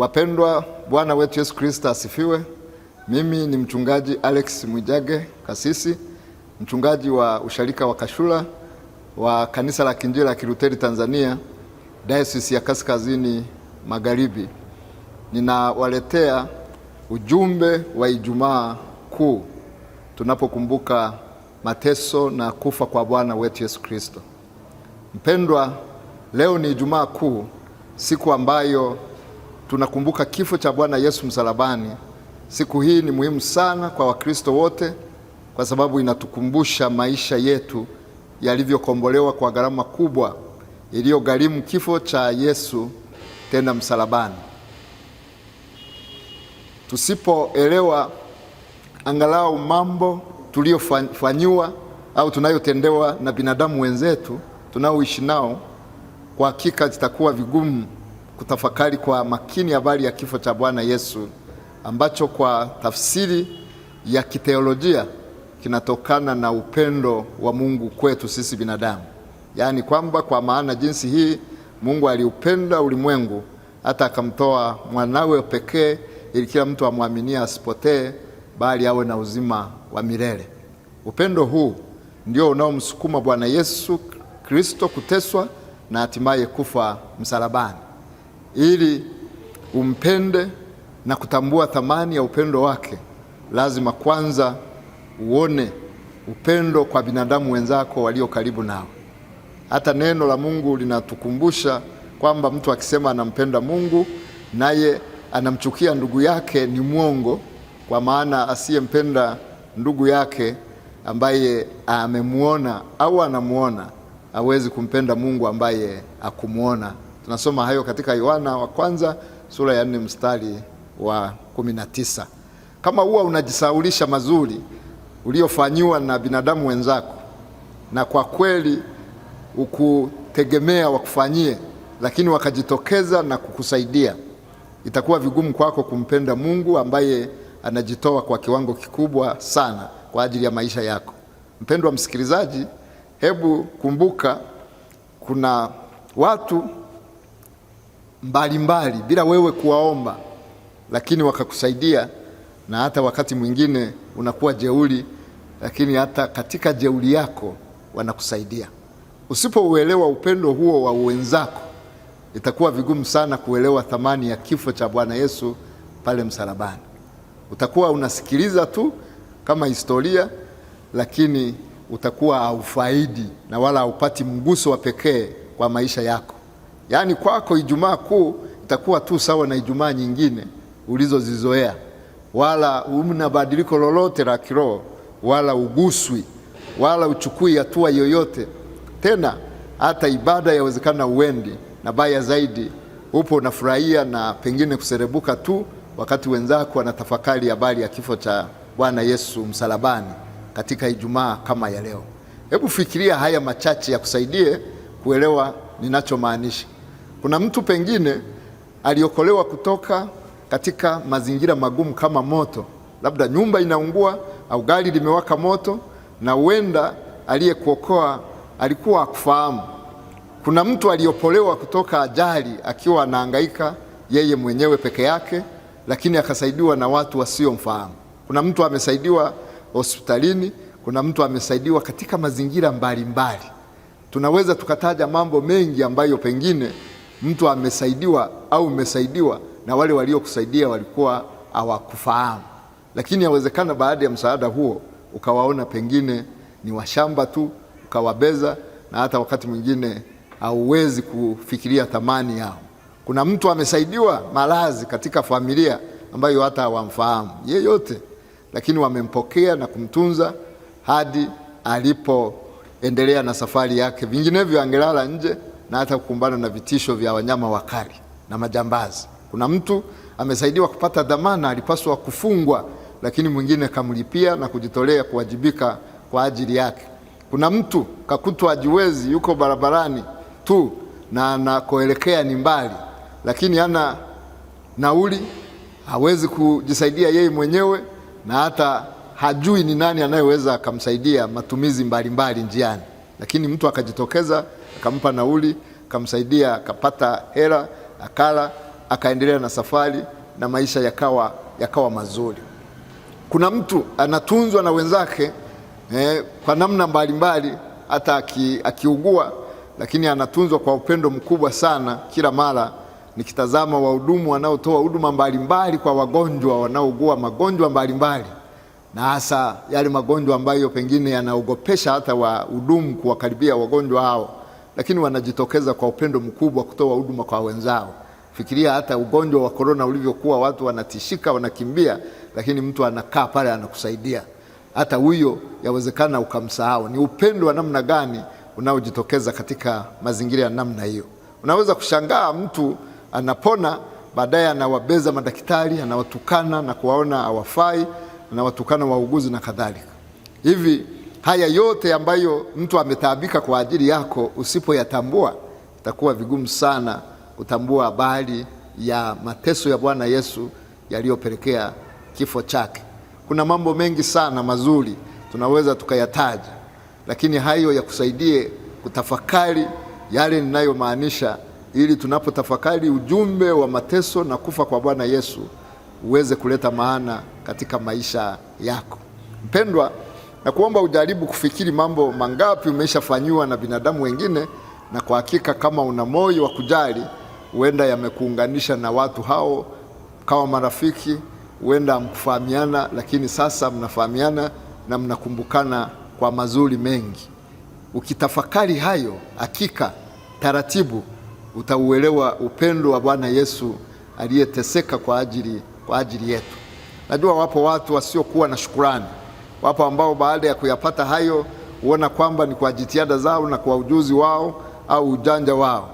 Wapendwa, Bwana wetu Yesu Kristo asifiwe. Mimi ni mchungaji Alex Mwijage Kasisi, mchungaji wa usharika wa Kashura wa kanisa la Kiinjili la Kilutheri Tanzania, Dayosisi ya Kaskazini Magharibi. Ninawaletea ujumbe wa Ijumaa Kuu tunapokumbuka mateso na kufa kwa Bwana wetu Yesu Kristo. Mpendwa, leo ni Ijumaa Kuu, siku ambayo tunakumbuka kifo cha Bwana Yesu msalabani. Siku hii ni muhimu sana kwa Wakristo wote kwa sababu inatukumbusha maisha yetu yalivyokombolewa kwa gharama kubwa iliyogharimu kifo cha Yesu tena msalabani. Tusipoelewa angalau mambo tuliyofanyiwa au tunayotendewa na binadamu wenzetu tunaoishi nao, kwa hakika zitakuwa vigumu kutafakari kwa makini habari ya kifo cha Bwana Yesu ambacho kwa tafsiri ya kiteolojia kinatokana na upendo wa Mungu kwetu sisi binadamu, yaani kwamba kwa maana jinsi hii Mungu aliupenda ulimwengu hata akamtoa mwanawe pekee ili kila mtu amwaminie asipotee, bali awe na uzima wa milele. Upendo huu ndio unaomsukuma Bwana Yesu Kristo kuteswa na hatimaye kufa msalabani. Ili umpende na kutambua thamani ya upendo wake, lazima kwanza uone upendo kwa binadamu wenzako walio karibu nao. Hata neno la Mungu linatukumbusha kwamba mtu akisema anampenda Mungu naye anamchukia ndugu yake ni mwongo, kwa maana asiyempenda ndugu yake ambaye amemwona au anamwona hawezi kumpenda Mungu ambaye akumwona Tunasoma hayo katika Yohana wa kwanza sura ya nne mstari wa 19. Kama huwa unajisaulisha mazuri uliofanyiwa na binadamu wenzako, na kwa kweli ukutegemea wakufanyie, lakini wakajitokeza na kukusaidia, itakuwa vigumu kwako kumpenda Mungu ambaye anajitoa kwa kiwango kikubwa sana kwa ajili ya maisha yako. Mpendwa msikilizaji, hebu kumbuka kuna watu mbalimbali mbali, bila wewe kuwaomba, lakini wakakusaidia, na hata wakati mwingine unakuwa jeuri, lakini hata katika jeuri yako wanakusaidia. Usipouelewa upendo huo wa wenzako, itakuwa vigumu sana kuelewa thamani ya kifo cha Bwana Yesu pale msalabani. Utakuwa unasikiliza tu kama historia, lakini utakuwa haufaidi na wala haupati mguso wa pekee kwa maisha yako yaani kwako Ijumaa Kuu itakuwa tu sawa na Ijumaa nyingine ulizozizoea, wala umna badiliko lolote la kiroho, wala uguswi, wala uchukui hatua yoyote tena. Hata ibada yawezekana uendi, na baya zaidi upo unafurahia na pengine kuserebuka tu, wakati wenzako wanatafakari habari ya kifo cha Bwana Yesu msalabani katika Ijumaa kama ya leo. Hebu fikiria haya machache yakusaidie kuelewa ninachomaanisha. Kuna mtu pengine aliokolewa kutoka katika mazingira magumu kama moto, labda nyumba inaungua au gari limewaka moto, na huenda aliyekuokoa alikuwa akufahamu. Kuna mtu aliopolewa kutoka ajali akiwa anahangaika yeye mwenyewe peke yake, lakini akasaidiwa na watu wasiomfahamu. Kuna mtu amesaidiwa hospitalini, kuna mtu amesaidiwa katika mazingira mbalimbali mbali. Tunaweza tukataja mambo mengi ambayo pengine mtu amesaidiwa au umesaidiwa na wale waliokusaidia walikuwa hawakufahamu, lakini yawezekana baada ya msaada huo ukawaona pengine ni washamba tu, ukawabeza na hata wakati mwingine hauwezi kufikiria thamani yao. Kuna mtu amesaidiwa malazi katika familia ambayo hata hawamfahamu yeyote, lakini wamempokea na kumtunza hadi alipoendelea na safari yake, vinginevyo angelala nje na hata kukumbana na vitisho vya wanyama wakali na majambazi. Kuna mtu amesaidiwa kupata dhamana, alipaswa kufungwa, lakini mwingine kamlipia na kujitolea kuwajibika kwa ajili yake. Kuna mtu kakutwa ajiwezi, yuko barabarani tu na anakoelekea ni mbali, lakini ana nauli, hawezi kujisaidia yeye mwenyewe na hata hajui ni nani anayeweza akamsaidia matumizi mbalimbali mbali njiani, lakini mtu akajitokeza akampa nauli, akamsaidia, akapata hela, akala, akaendelea na safari na maisha yakawa, yakawa mazuri. Kuna mtu anatunzwa na wenzake eh, kwa namna mbalimbali, hata aki, akiugua, lakini anatunzwa kwa upendo mkubwa sana. Kila mara nikitazama wahudumu wanaotoa huduma mbalimbali kwa wagonjwa wanaougua magonjwa mbalimbali na hasa yale magonjwa ambayo pengine yanaogopesha hata wahudumu kuwakaribia wagonjwa hao lakini wanajitokeza kwa upendo mkubwa kutoa huduma kwa wenzao. Fikiria hata ugonjwa wa korona ulivyokuwa, watu wanatishika, wanakimbia, lakini mtu anakaa pale anakusaidia. Hata huyo yawezekana ukamsahau. Ni upendo wa namna gani unaojitokeza katika mazingira ya namna hiyo? Unaweza kushangaa mtu anapona, baadaye anawabeza madaktari, anawatukana na kuwaona hawafai, anawatukana wauguzi na kadhalika hivi haya yote ambayo mtu ametaabika kwa ajili yako, usipoyatambua itakuwa vigumu sana kutambua habari ya mateso ya Bwana Yesu yaliyopelekea kifo chake. Kuna mambo mengi sana mazuri tunaweza tukayataja, lakini hayo yakusaidie kutafakari yale ninayomaanisha, ili tunapotafakari ujumbe wa mateso na kufa kwa Bwana Yesu uweze kuleta maana katika maisha yako mpendwa na kuomba ujaribu kufikiri mambo mangapi umeshafanyiwa na binadamu wengine, na kwa hakika kama una moyo wa kujali, huenda yamekuunganisha na watu hao kama marafiki. Huenda hamkufahamiana, lakini sasa mnafahamiana na mnakumbukana kwa mazuri mengi. Ukitafakari hayo, hakika taratibu utauelewa upendo wa Bwana Yesu aliyeteseka kwa ajili, kwa ajili yetu. Najua wapo watu wasiokuwa na shukurani Wapo ambao baada ya kuyapata hayo huona kwamba ni kwa jitihada zao na kwa ujuzi wao au ujanja wao.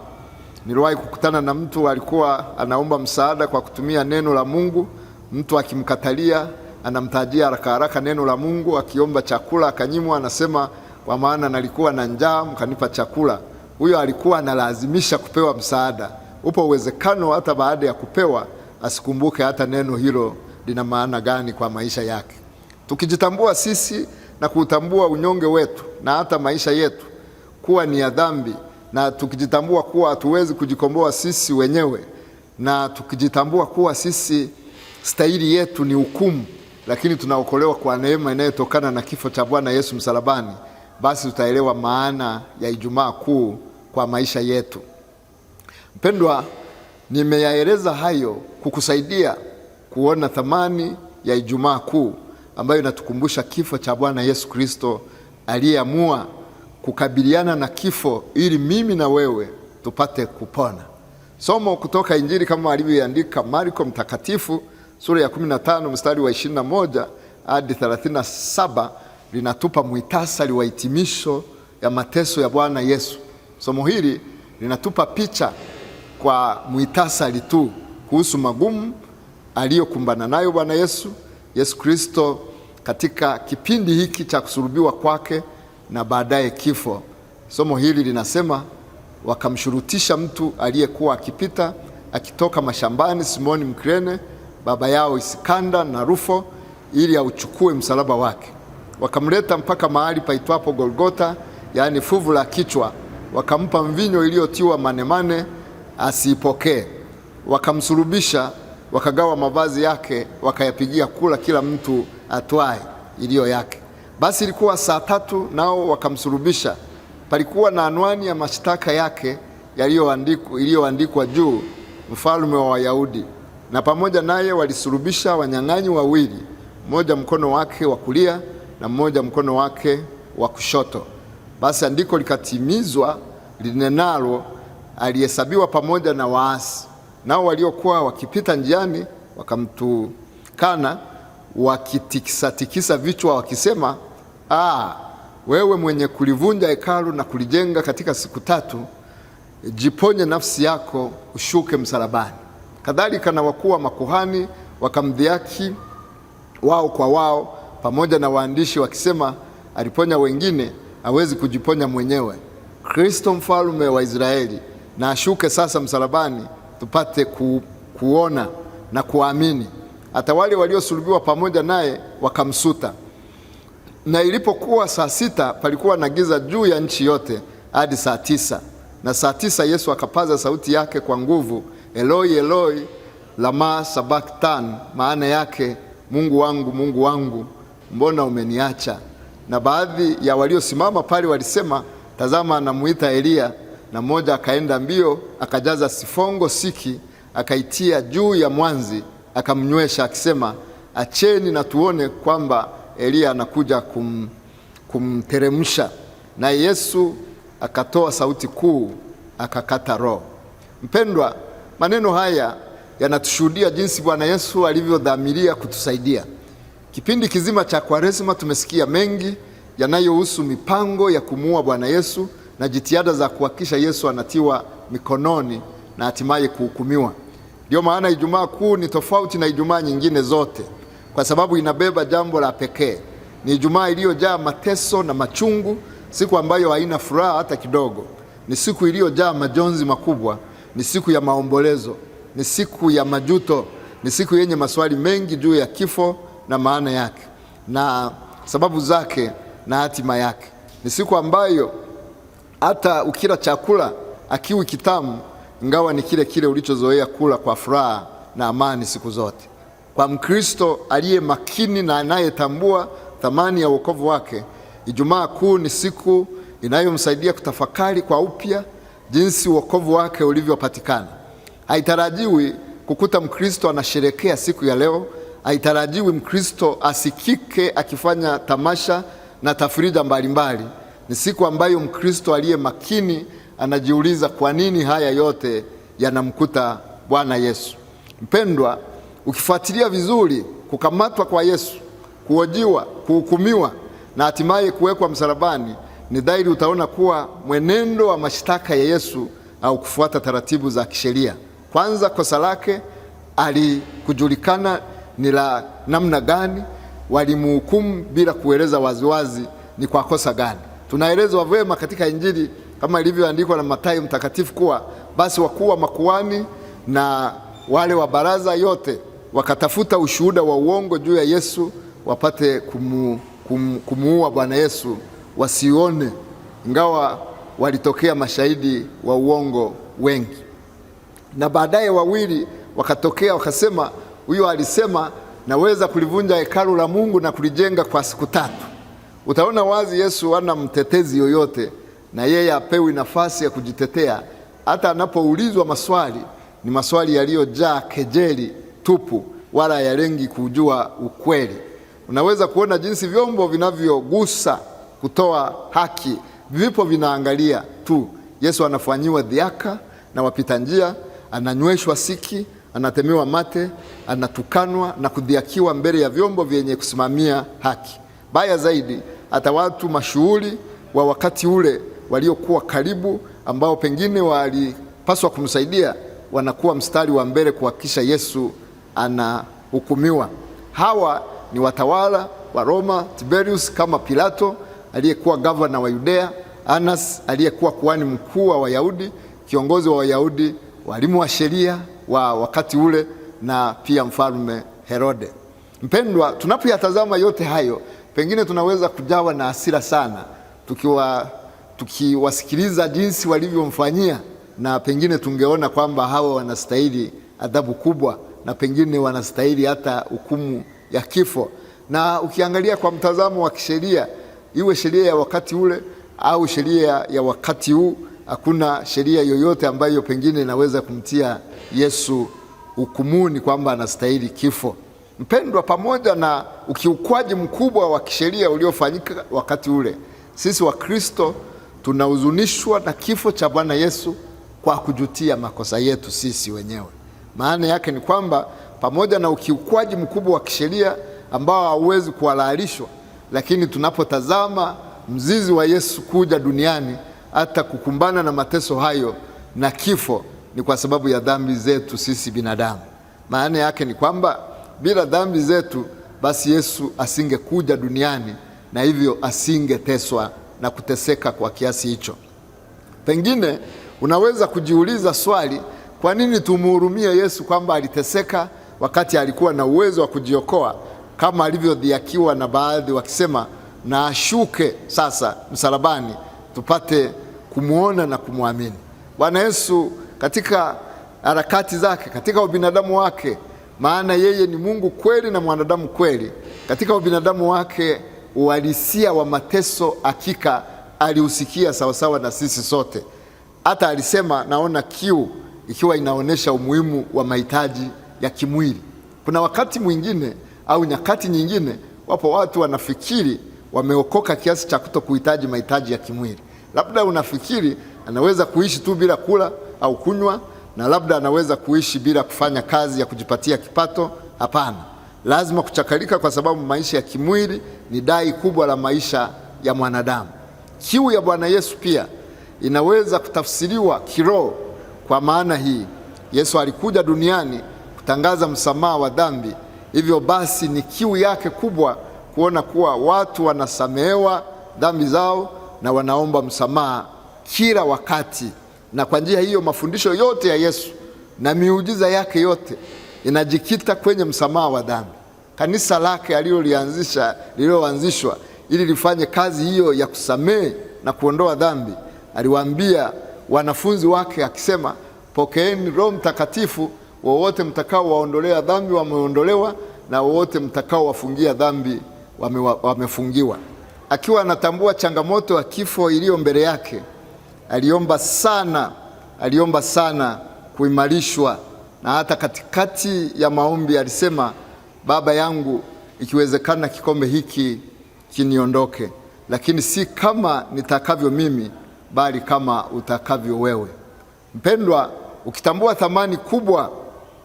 Niliwahi kukutana na mtu alikuwa anaomba msaada kwa kutumia neno la Mungu, mtu akimkatalia anamtajia haraka haraka neno la Mungu, akiomba chakula akanyimwa, anasema kwa maana nalikuwa na njaa mkanipa chakula. Huyo alikuwa analazimisha kupewa msaada. Upo uwezekano hata baada ya kupewa asikumbuke hata neno hilo lina maana gani kwa maisha yake tukijitambua sisi na kuutambua unyonge wetu na hata maisha yetu kuwa ni ya dhambi, na tukijitambua kuwa hatuwezi kujikomboa sisi wenyewe, na tukijitambua kuwa sisi stahili yetu ni hukumu, lakini tunaokolewa kwa neema inayotokana na kifo cha Bwana Yesu msalabani, basi tutaelewa maana ya Ijumaa Kuu kwa maisha yetu. Mpendwa, nimeyaeleza hayo kukusaidia kuona thamani ya Ijumaa Kuu ambayo inatukumbusha kifo cha Bwana Yesu Kristo aliyeamua kukabiliana na kifo ili mimi na wewe tupate kupona. Somo kutoka Injili kama alivyoandika Marko mtakatifu sura ya 15 mstari wa 21 hadi 37 linatupa mwitasari wa hitimisho ya mateso ya Bwana Yesu. Somo hili linatupa picha kwa mwitasari tu kuhusu magumu aliyokumbana nayo Bwana Yesu Yesu Kristo katika kipindi hiki cha kusulubiwa kwake na baadaye kifo. Somo hili linasema wakamshurutisha mtu aliyekuwa akipita akitoka mashambani, Simoni Mkirene, baba yao Isikanda na Rufo, ili auchukue msalaba wake. Wakamleta mpaka mahali paitwapo Golgota, yaani fuvu la kichwa, wakampa mvinyo iliyotiwa manemane asiipokee, wakamsulubisha wakagawa mavazi yake, wakayapigia kula, kila mtu atwae iliyo yake. Basi ilikuwa saa tatu, nao wakamsulubisha. Palikuwa na anwani ya mashtaka yake iliyoandikwa juu, mfalme wa Wayahudi. Na pamoja naye walisulubisha wanyang'anyi wawili, mmoja mkono wake wa kulia na mmoja mkono wake wa kushoto. Basi andiko likatimizwa linenalo, alihesabiwa pamoja na waasi nao waliokuwa wakipita njiani wakamtukana, wakitikisatikisa vichwa wakisema, ah, wewe mwenye kulivunja hekalu na kulijenga katika siku tatu, jiponye nafsi yako, ushuke msalabani. Kadhalika na wakuu wa makuhani wakamdhiaki wao kwa wao, pamoja na waandishi wakisema, aliponya wengine, hawezi kujiponya mwenyewe. Kristo mfalme wa Israeli na ashuke sasa msalabani tupate ku, kuona na kuamini. Hata wale waliosulubiwa pamoja naye wakamsuta. Na ilipokuwa saa sita, palikuwa na giza juu ya nchi yote hadi saa tisa. Na saa tisa Yesu akapaza sauti yake kwa nguvu, Eloi Eloi lama sabaktan, maana yake Mungu wangu Mungu wangu mbona umeniacha? Na baadhi ya waliosimama pale walisema, tazama, anamuita Eliya na mmoja akaenda mbio akajaza sifongo siki akaitia juu ya mwanzi akamnywesha akisema, acheni na tuone kwamba Eliya anakuja kum, kumteremsha. Naye Yesu akatoa sauti kuu akakata roho. Mpendwa, maneno haya yanatushuhudia jinsi Bwana Yesu alivyodhamiria kutusaidia. Kipindi kizima cha Kwaresima tumesikia mengi yanayohusu mipango ya kumuua Bwana Yesu na jitihada za kuhakikisha Yesu anatiwa mikononi na hatimaye kuhukumiwa. Ndio maana Ijumaa Kuu ni tofauti na Ijumaa nyingine zote, kwa sababu inabeba jambo la pekee. Ni Ijumaa iliyojaa mateso na machungu, siku ambayo haina furaha hata kidogo. Ni siku iliyojaa majonzi makubwa, ni siku ya maombolezo, ni siku ya majuto, ni siku yenye maswali mengi juu ya kifo na maana yake na sababu zake na hatima yake. Ni siku ambayo hata ukila chakula akiwi kitamu, ngawa ni kile kile ulichozoea kula kwa furaha na amani siku zote. Kwa Mkristo aliye makini na anayetambua thamani ya wokovu wake, Ijumaa Kuu ni siku inayomsaidia kutafakari kwa upya jinsi wokovu wake ulivyopatikana. Haitarajiwi kukuta Mkristo anasherekea siku ya leo. Haitarajiwi Mkristo asikike akifanya tamasha na tafrija mbalimbali. Ni siku ambayo Mkristo aliye makini anajiuliza kwa nini haya yote yanamkuta Bwana Yesu. Mpendwa, ukifuatilia vizuri, kukamatwa kwa Yesu, kuojiwa, kuhukumiwa na hatimaye kuwekwa msalabani, ni dhahiri utaona kuwa mwenendo wa mashtaka ya Yesu au kufuata taratibu za kisheria. Kwanza, kosa lake alikujulikana ni la namna gani, walimuhukumu bila kueleza waziwazi ni kwa kosa gani. Tunaelezwa vyema katika Injili kama ilivyoandikwa na Mathayo mtakatifu kuwa basi wakuu wa makuhani na wale wa baraza yote wakatafuta ushuhuda wa uongo juu ya Yesu wapate kumu, kum, kumuua Bwana Yesu wasione, ingawa walitokea mashahidi wa uongo wengi. Na baadaye wawili wakatokea wakasema, huyo alisema naweza kulivunja hekalu la Mungu na kulijenga kwa siku tatu. Utaona wazi Yesu hana mtetezi yoyote, na yeye apewi nafasi ya kujitetea. Hata anapoulizwa maswali ni maswali yaliyojaa kejeli tupu, wala yalengi kujua ukweli. Unaweza kuona jinsi vyombo vinavyogusa kutoa haki vipo vinaangalia tu. Yesu anafanyiwa dhiaka na wapita njia, ananyweshwa siki, anatemewa mate, anatukanwa na kudhiakiwa mbele ya vyombo vyenye kusimamia haki. Baya zaidi hata watu mashuhuri wa wakati ule waliokuwa karibu, ambao pengine walipaswa kumsaidia, wanakuwa mstari wa mbele kuhakikisha Yesu anahukumiwa. Hawa ni watawala wa Roma, Tiberius kama Pilato aliyekuwa gavana wa Yudea, Anas aliyekuwa kuhani mkuu wa Wayahudi, kiongozi wa Wayahudi, walimu wa sheria wa wakati ule, na pia mfalme Herode. Mpendwa, tunapoyatazama yote hayo Pengine tunaweza kujawa na hasira sana tukiwa tukiwasikiliza jinsi walivyomfanyia, na pengine tungeona kwamba hawa wanastahili adhabu kubwa, na pengine wanastahili hata hukumu ya kifo. Na ukiangalia kwa mtazamo wa kisheria, iwe sheria ya wakati ule au sheria ya wakati huu, hakuna sheria yoyote ambayo pengine inaweza kumtia Yesu hukumuni kwamba anastahili kifo. Mpendwa, pamoja na ukiukwaji mkubwa wa kisheria uliofanyika wakati ule, sisi Wakristo tunahuzunishwa na kifo cha Bwana Yesu kwa kujutia makosa yetu sisi wenyewe. Maana yake ni kwamba pamoja na ukiukwaji mkubwa wa kisheria ambao hauwezi kuhalalishwa, lakini tunapotazama mzizi wa Yesu kuja duniani, hata kukumbana na mateso hayo na kifo, ni kwa sababu ya dhambi zetu sisi binadamu. Maana yake ni kwamba bila dhambi zetu, basi Yesu asingekuja duniani na hivyo asingeteswa na kuteseka kwa kiasi hicho. Pengine unaweza kujiuliza swali, kwa nini tumuhurumie Yesu kwamba aliteseka wakati alikuwa na uwezo wa kujiokoa kama alivyodhiakiwa na baadhi wakisema, na ashuke sasa msalabani tupate kumwona na kumwamini. Bwana Yesu katika harakati zake, katika ubinadamu wake maana yeye ni Mungu kweli na mwanadamu kweli. Katika ubinadamu wake, uhalisia wa mateso hakika aliusikia sawasawa na sisi sote. Hata alisema naona kiu, ikiwa inaonyesha umuhimu wa mahitaji ya kimwili. Kuna wakati mwingine au nyakati nyingine, wapo watu wanafikiri wameokoka kiasi cha kutokuhitaji mahitaji ya kimwili. Labda unafikiri anaweza kuishi tu bila kula au kunywa na labda anaweza kuishi bila kufanya kazi ya kujipatia kipato. Hapana, lazima kuchakalika, kwa sababu maisha ya kimwili ni dai kubwa la maisha ya mwanadamu. Kiu ya Bwana Yesu pia inaweza kutafsiriwa kiroho. Kwa maana hii, Yesu alikuja duniani kutangaza msamaha wa dhambi. Hivyo basi, ni kiu yake kubwa kuona kuwa watu wanasamehewa dhambi zao na wanaomba msamaha kila wakati na kwa njia hiyo mafundisho yote ya Yesu na miujiza yake yote inajikita kwenye msamaha wa dhambi. Kanisa lake alilolianzisha lililoanzishwa ili lifanye kazi hiyo ya kusamehe na kuondoa dhambi, aliwaambia wanafunzi wake akisema, pokeeni Roho Mtakatifu, wowote mtakao waondolea dhambi wameondolewa, na wowote mtakao wafungia dhambi wame, wamefungiwa. Akiwa anatambua changamoto ya kifo iliyo mbele yake aliomba sana, aliomba sana kuimarishwa, na hata katikati ya maombi alisema, Baba yangu, ikiwezekana kikombe hiki kiniondoke, lakini si kama nitakavyo mimi, bali kama utakavyo wewe. Mpendwa, ukitambua thamani kubwa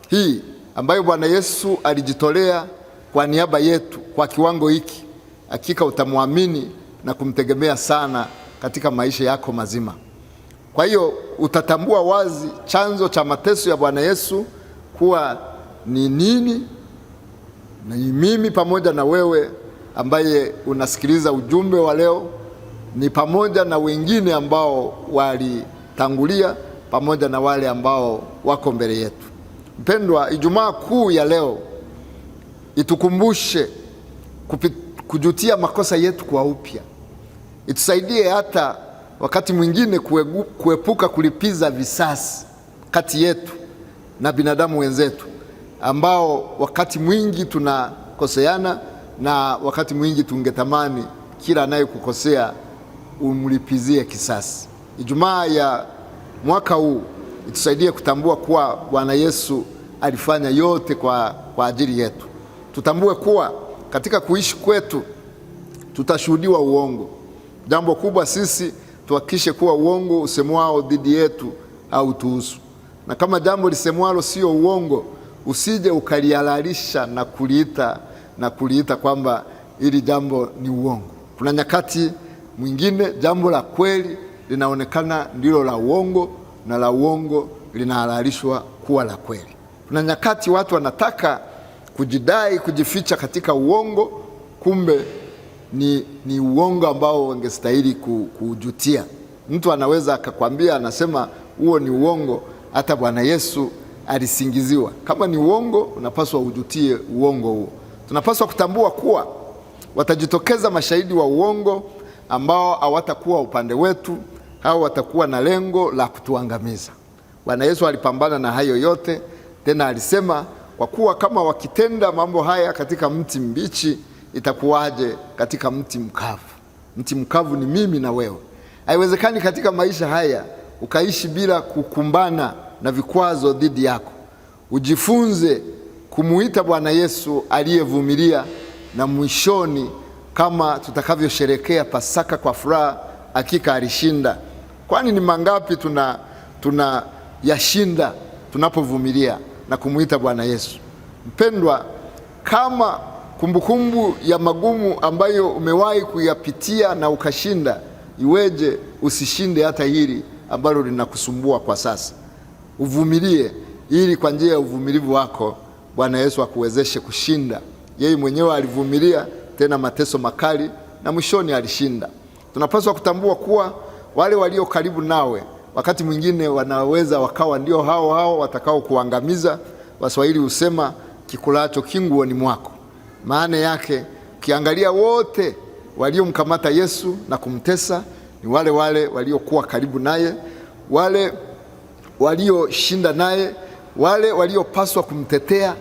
hii ambayo Bwana Yesu alijitolea kwa niaba yetu kwa kiwango hiki, hakika utamwamini na kumtegemea sana katika maisha yako mazima. Kwa hiyo utatambua wazi chanzo cha mateso ya Bwana Yesu kuwa ni nini, na mimi pamoja na wewe ambaye unasikiliza ujumbe wa leo ni pamoja na wengine ambao walitangulia, pamoja na wale ambao wako mbele yetu. Mpendwa, Ijumaa Kuu ya leo itukumbushe kupit, kujutia makosa yetu kwa upya, itusaidie hata wakati mwingine kuepuka kulipiza visasi kati yetu na binadamu wenzetu ambao wakati mwingi tunakoseana na wakati mwingi tungetamani kila anayekukosea umlipizie kisasi. Ijumaa ya mwaka huu itusaidie kutambua kuwa Bwana Yesu alifanya yote kwa, kwa ajili yetu. Tutambue kuwa katika kuishi kwetu tutashuhudiwa uongo. Jambo kubwa sisi tuhakikishe kuwa uongo usemwao dhidi yetu au tuhusu, na kama jambo lisemwalo sio uongo, usije ukalihalalisha na kuliita na kuliita kwamba hili jambo ni uongo. Kuna nyakati mwingine jambo la kweli linaonekana ndilo la uongo na la uongo linahalalishwa kuwa la kweli. Kuna nyakati watu wanataka kujidai, kujificha katika uongo, kumbe ni, ni uongo ambao wangestahili kuujutia. Mtu anaweza akakwambia, anasema huo ni uongo. Hata Bwana Yesu alisingiziwa. Kama ni uongo, unapaswa ujutie uongo huo. Tunapaswa kutambua kuwa watajitokeza mashahidi wa uongo ambao hawatakuwa upande wetu au watakuwa na lengo la kutuangamiza. Bwana Yesu alipambana na hayo yote, tena alisema kwa kuwa kama wakitenda mambo haya katika mti mbichi itakuwaje katika mti mkavu? Mti mkavu ni mimi na wewe. Haiwezekani katika maisha haya ukaishi bila kukumbana na vikwazo dhidi yako. Ujifunze kumuita Bwana Yesu aliyevumilia, na mwishoni, kama tutakavyosherekea Pasaka kwa furaha, hakika alishinda. Kwani ni mangapi tuna tuna yashinda tunapovumilia na kumuita Bwana Yesu? Mpendwa, kama kumbukumbu ya magumu ambayo umewahi kuyapitia na ukashinda, iweje usishinde hata hili ambalo linakusumbua kwa sasa? Uvumilie ili kwa njia ya uvumilivu wako Bwana Yesu akuwezeshe kushinda. Yeye mwenyewe alivumilia tena mateso makali na mwishoni alishinda. Tunapaswa kutambua kuwa wale walio karibu nawe wakati mwingine wanaweza wakawa ndio hao hao watakao kuangamiza. Waswahili husema kikulacho kinguoni mwako. Maana yake ukiangalia wote waliomkamata Yesu na kumtesa ni wale wale waliokuwa karibu naye, wale walioshinda naye, wale waliopaswa kumtetea,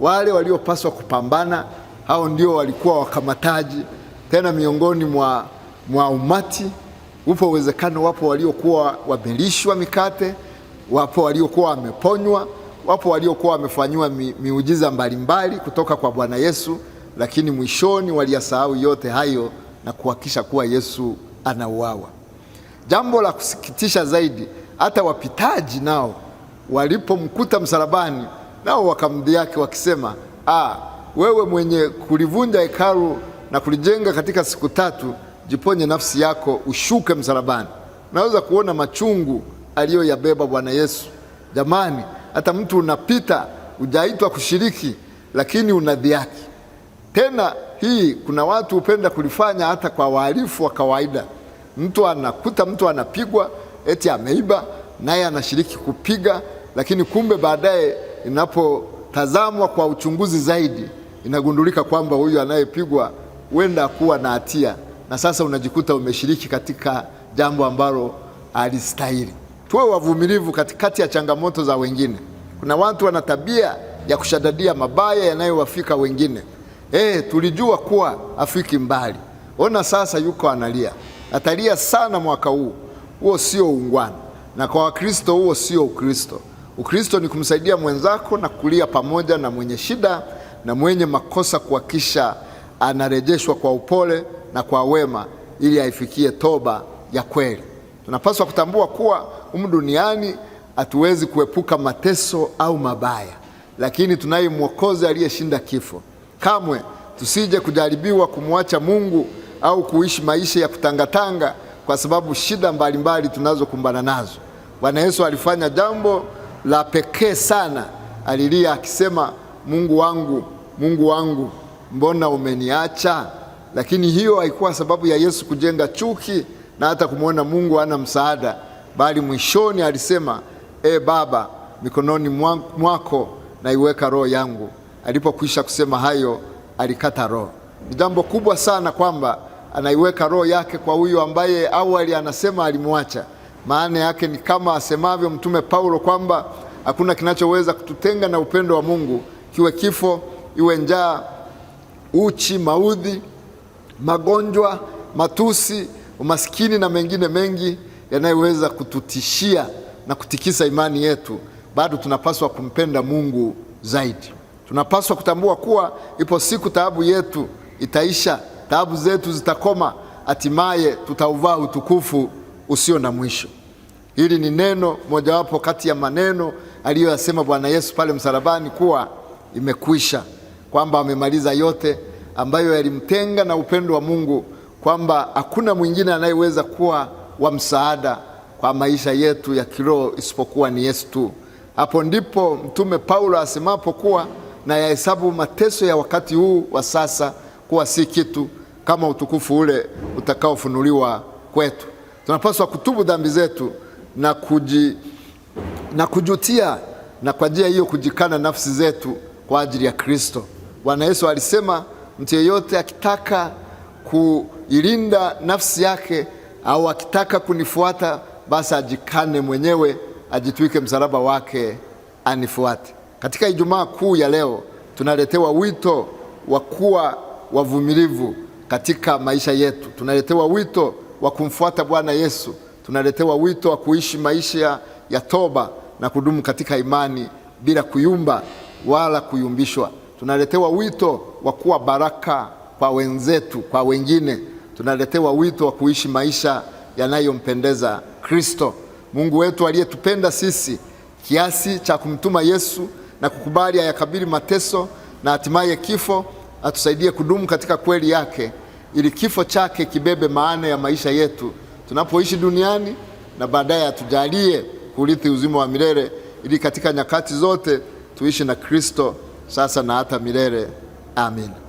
wale waliopaswa kupambana. Hao ndio walikuwa wakamataji. Tena miongoni mwa, mwa umati upo uwezekano, wapo waliokuwa wamelishwa mikate, wapo waliokuwa wameponywa Wapo waliokuwa wamefanyiwa mi, miujiza mbalimbali kutoka kwa Bwana Yesu, lakini mwishoni waliyasahau yote hayo na kuhakisha kuwa Yesu anauawa. Jambo la kusikitisha zaidi, hata wapitaji nao walipomkuta msalabani, nao wakamdhihaki wakisema, ah, wewe mwenye kulivunja hekalu na kulijenga katika siku tatu, jiponye nafsi yako, ushuke msalabani. Naweza kuona machungu aliyoyabeba Bwana Yesu. Jamani, hata mtu unapita hujaitwa kushiriki, lakini unadhihaki. Tena hii kuna watu hupenda kulifanya hata kwa wahalifu wa kawaida. Mtu anakuta mtu anapigwa eti ameiba, naye anashiriki kupiga, lakini kumbe baadaye inapotazamwa kwa uchunguzi zaidi inagundulika kwamba huyu anayepigwa huenda kuwa na hatia, na sasa unajikuta umeshiriki katika jambo ambalo alistahili tuwe wavumilivu katikati ya changamoto za wengine. Kuna watu wana tabia ya kushadadia mabaya yanayowafika wengine. E, tulijua kuwa afiki mbali, ona sasa yuko analia, atalia sana mwaka huu. Huo sio ungwana, na kwa Wakristo huo sio Ukristo. Ukristo ni kumsaidia mwenzako na kulia pamoja na mwenye shida na mwenye makosa, kuhakisha anarejeshwa kwa upole na kwa wema, ili aifikie toba ya kweli. Tunapaswa kutambua kuwa humu duniani hatuwezi kuepuka mateso au mabaya, lakini tunaye Mwokozi aliyeshinda kifo. Kamwe tusije kujaribiwa kumwacha Mungu au kuishi maisha ya kutangatanga kwa sababu shida mbalimbali tunazokumbana nazo. Bwana Yesu alifanya jambo la pekee sana, alilia akisema, Mungu wangu, Mungu wangu, mbona umeniacha? Lakini hiyo haikuwa sababu ya Yesu kujenga chuki na hata kumwona Mungu hana msaada, bali mwishoni alisema, e Baba, mikononi mwako naiweka roho yangu. Alipokwisha kusema hayo, alikata roho. Ni jambo kubwa sana kwamba anaiweka roho yake kwa huyo ambaye awali anasema alimwacha. Maana yake ni kama asemavyo Mtume Paulo kwamba hakuna kinachoweza kututenga na upendo wa Mungu, kiwe kifo, iwe njaa, uchi, maudhi, magonjwa, matusi umaskini na mengine mengi yanayoweza kututishia na kutikisa imani yetu, bado tunapaswa kumpenda Mungu zaidi. Tunapaswa kutambua kuwa ipo siku taabu yetu itaisha, taabu zetu zitakoma, hatimaye tutauvaa utukufu usio na mwisho. Hili ni neno mojawapo kati ya maneno aliyoyasema Bwana Yesu pale msalabani kuwa imekwisha, kwamba amemaliza yote ambayo yalimtenga na upendo wa Mungu kwamba hakuna mwingine anayeweza kuwa wa msaada kwa maisha yetu ya kiroho isipokuwa ni Yesu tu. Hapo ndipo Mtume Paulo asemapo kuwa na yahesabu mateso ya wakati huu wa sasa kuwa si kitu kama utukufu ule utakaofunuliwa kwetu. Tunapaswa kutubu dhambi zetu na, kuji, na kujutia na kwa njia hiyo kujikana nafsi zetu kwa ajili ya Kristo. Bwana Yesu alisema mtu yeyote akitaka ku, ilinda nafsi yake au akitaka kunifuata basi ajikane mwenyewe, ajitwike msalaba wake anifuate. Katika Ijumaa Kuu ya leo tunaletewa wito wa kuwa wavumilivu katika maisha yetu, tunaletewa wito wa kumfuata Bwana Yesu, tunaletewa wito wa kuishi maisha ya toba na kudumu katika imani bila kuyumba wala kuyumbishwa. Tunaletewa wito wa kuwa baraka kwa wenzetu, kwa wengine tunaletewa wito wa kuishi maisha yanayompendeza Kristo. Mungu wetu aliyetupenda sisi kiasi cha kumtuma Yesu na kukubali ayakabili mateso na hatimaye kifo, atusaidie kudumu katika kweli yake, ili kifo chake kibebe maana ya maisha yetu tunapoishi duniani, na baadaye atujalie kurithi uzima wa milele, ili katika nyakati zote tuishi na Kristo sasa na hata milele. Amin.